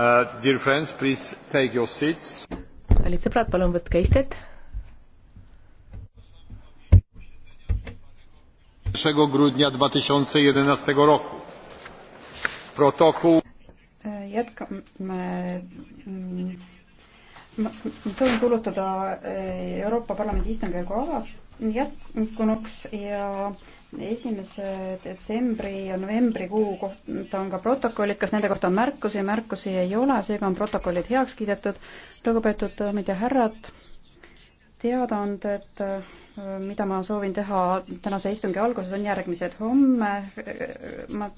Uh, kallid sõbrad, palun võtke istet. grudnia 2011 roku. Protokół. E, Jätkame mm, ma soovin kuulutada eh, Euroopa Parlamendi istungjärgu ala jätkunuks ja esimese detsembri ja novembrikuu kohta on ka protokollid, kas nende kohta on märkusi, märkusi ei ole, seega on protokollid heaks kiidetud. lugupeetud daamid ja härrad, teadaanded, eh, mida ma soovin teha tänase istungi alguses, on järgmised. homme eh, ma